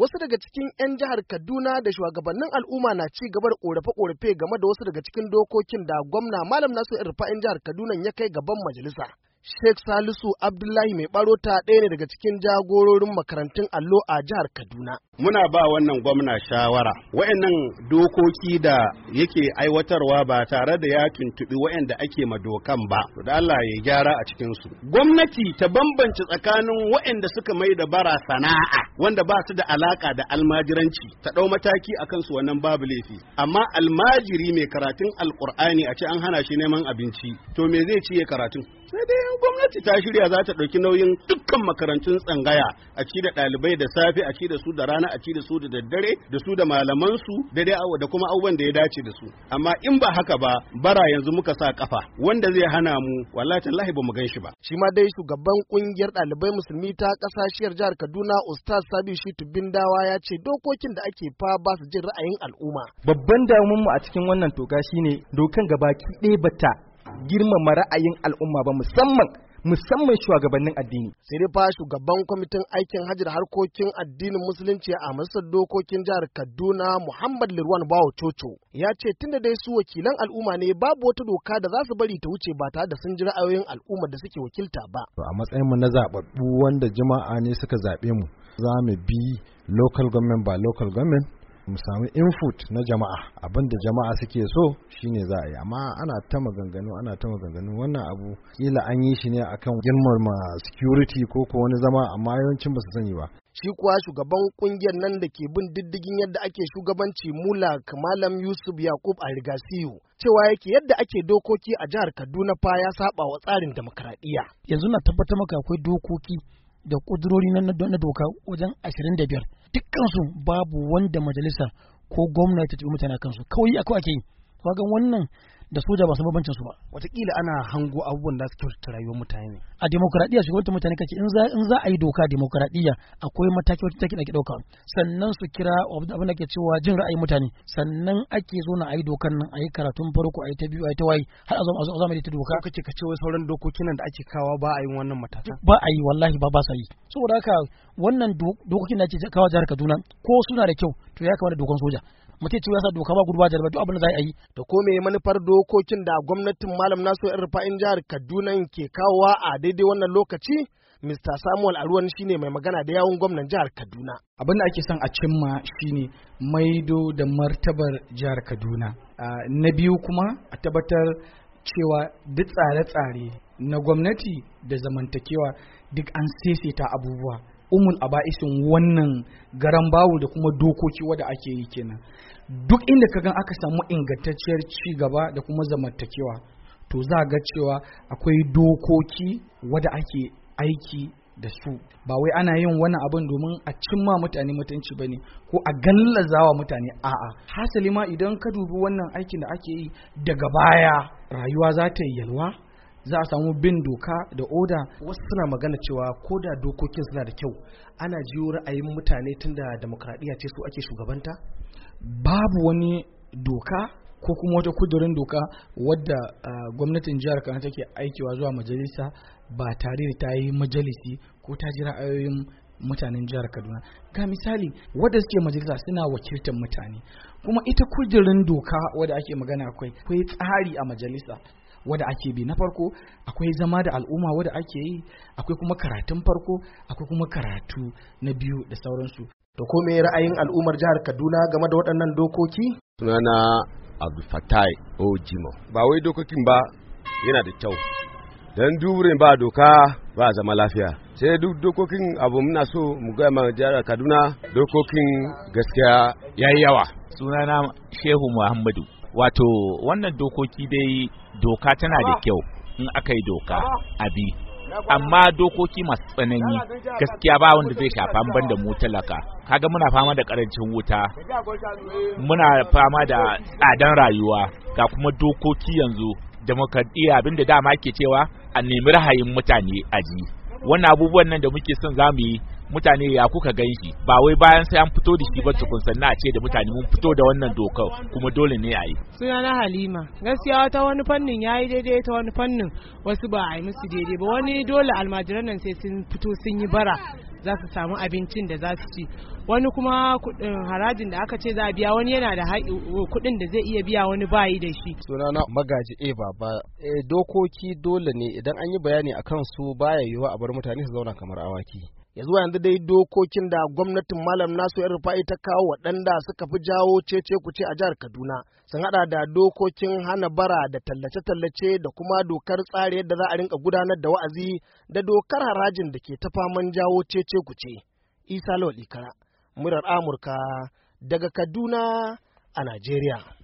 wasu daga cikin 'yan jihar Kaduna da shugabannin al'umma na ci gaba da ƙorafe korafe game da wasu daga cikin dokokin da gwamna Malam Nasu 'yan jihar Kaduna ya kai gaban majalisa. Sheikh Salisu Abdullahi mai ta ɗaya ne daga cikin jagororin makarantun allo a jihar Kaduna. Muna ba wannan gwamna shawara, wayannan dokoki da yake aiwatarwa ba tare da ya tuntuɓi wayanda ake madokan ba, da Allah ya gyara a cikinsu. Gwamnati ta bambance tsakanin wayanda suka mai da bara sana'a wanda ba su da alaka da almajiranci, ta ɗau mataki a kansu wannan babu laifi. Amma almajiri mai karatun alƙur'ani a ce an hana shi neman abinci, to me zai ci ya karatun? sai dai gwamnati ta shirya za ta ɗauki nauyin dukkan makarantun tsangaya a ci da ɗalibai da safe a ci da su da rana a ci da su da daddare da su da malamansu da dai da kuma abubuwan da ya dace da su amma in ba haka ba bara yanzu muka sa kafa wanda zai hana mu wallahi tallahi ba mu gan shi ba shi ma dai shugaban kungiyar ɗalibai musulmi ta ƙasashiyar jihar Kaduna Ustaz Sabi Shitu Bindawa ya ce dokokin da ake fa ba su jin ra'ayin al'umma babban damuwar a cikin wannan toka shine dokan gabaki ɗaya bata girmama ra'ayin al'umma ba musamman musamman shugabannin addini. Sai dai fa shugaban kwamitin aikin hajji harkokin addinin musulunci a Masar dokokin jihar Kaduna Muhammad Lirwan Bawo Coco ya ce tunda dai su wakilan al'umma ne babu wata doka da za su bari ta wuce ba tare da sun ji ra'ayoyin al'umma da suke wakilta ba. A matsayin mu na zaɓaɓɓu wanda jama'a ne suka zaɓe mu za mu bi local government ba local government mu samu input na jama'a da jama'a suke so shine za a yi amma ana ta maganganu ana ta maganganu wannan abu kila an yi shi ne akan girmama security ko ko wani zama amma yawancin ba su sani ba shi kuwa shugaban kungiyar nan da ke bin diddigin yadda ake shugabanci mula malam yusuf yakub a rigasiyu cewa yake yadda ake dokoki a jihar kaduna fa ya saba wa tsarin demokradiyya yanzu na tabbatar maka akwai dokoki da ƙudurori na doka wajen ashirin da 25 dukkansu babu wanda majalisa ko gwamnati ta tafi mutane kansu kawai akwai ake yi wagan wannan da soja ba su bambancin su ba watakila ana hango abubuwan da su kyautata rayuwar mutane a demokradiyya wata mutane kake in za in za a yi doka demokradiyya akwai mataki wata take ake dauka sannan su kira abin da ke cewa jin ra'ayin mutane sannan ake zo na a yi dokan nan a yi karatun farko a yi ta biyu a yi ta wayi har a zo a zo a ta doka kace kace wai sauran dokokin nan da ake kawa ba a yi wannan matata ba a yi wallahi ba ba sa yi saboda haka wannan dokokin da ake kawa jihar Kaduna ko suna da kyau to ya kamata dokan soja mutum cewa yasa doka ba gurba da duk abin da za a yi Da ko me manufar dokokin da gwamnatin malam nasiru yan rufa'in jihar kaduna ke kawowa a daidai wannan lokaci Mr. Samuel Aruwan shine mai magana da yawun gwamnan jihar Kaduna. Abin da ake son a cimma shine maido da martabar jihar Kaduna. Na biyu kuma a tabbatar cewa duk tsare-tsare na gwamnati da zamantakewa duk an ta abubuwa. umul aba'isin wannan garan bawo da kuma dokoki wada ake yi kenan duk inda ka ga aka samu ingantacciyar ci gaba da kuma zamantakewa to za ga cewa akwai dokoki wada ake aiki da su ba wai ana yin wani abin domin a cimma mutane mutunci ba ne ko a gallazawa mutane a'a hasali ma idan ka dubi wannan aikin da ake yi daga baya rayuwa za ta yi yalwa za a samu bin doka da oda wasu suna magana cewa ko da dokokin suna da kyau ana jiyo ra'ayin mutane da demokradiyya ce su ake shugabanta babu wani doka ko kuma wata kudurin doka wadda gwamnatin jihar Kano take aikewa zuwa majalisa ba tare da ta yi majalisi ko ta ji ra'ayoyin mutanen jihar Kaduna ga misali wadda suke majalisa suna wakiltar mutane kuma ita kudirin doka wadda ake magana akwai akwai tsari a majalisa wadda ake bi na farko akwai zama da al'umma wadda ake yi akwai kuma karatun farko akwai kuma karatu na biyu da sauransu to ko me ra'ayin al'ummar jihar Kaduna game da waɗannan dokoki sunana fatai Ojimo ba wai dokokin ba yana da kyau dan duburin ba doka ba zama lafiya sai duk dokokin abu muna so mu ga ma jihar Kaduna dokokin gaskiya yayi yawa sunana Shehu Muhammadu wato wannan dokoki dai doka tana da kyau in aka yi doka abi amma dokoki masu tsanani gaskiya ba wanda zai shafa ban da mu talaka kaga muna fama da karancin wuta muna fama da tsadan rayuwa ga kuma dokoki yanzu da iya abinda dama ke cewa a nemi rahayin mutane aji wannan abubuwan nan da muke son za mu yi mutane ya kuka gan shi ba wai bayan sai an fito da shi ba tukun sannan a ce da mutane mun fito da wannan dokar kuma dole ne a yi suna na halima gaskiya wata wani fannin ya yi daidai ta wani fannin wasu ba a yi musu daidai ba wani dole almajiran nan sai sun fito sun yi bara za su samu abincin da za su ci wani kuma harajin da aka ce za a biya wani yana da kuɗin da zai iya biya wani bayi da shi suna na magaji e baba eh, dokoki dole ne idan an yi bayani akan su baya yiwuwa a bar mutane su zauna kamar awaki ya zuwa yanzu dai dokokin da gwamnatin malam nasu yan rufa'i ta kawo waɗanda suka fi jawo cece kuce a jihar kaduna sun hada da dokokin hana bara da tallace-tallace da kuma dokar tsari yadda za a rinka gudanar da wa'azi da dokar harajin da ke ta faman jawo cece kuce isa lawal ikara murar amurka daga kaduna a najeriya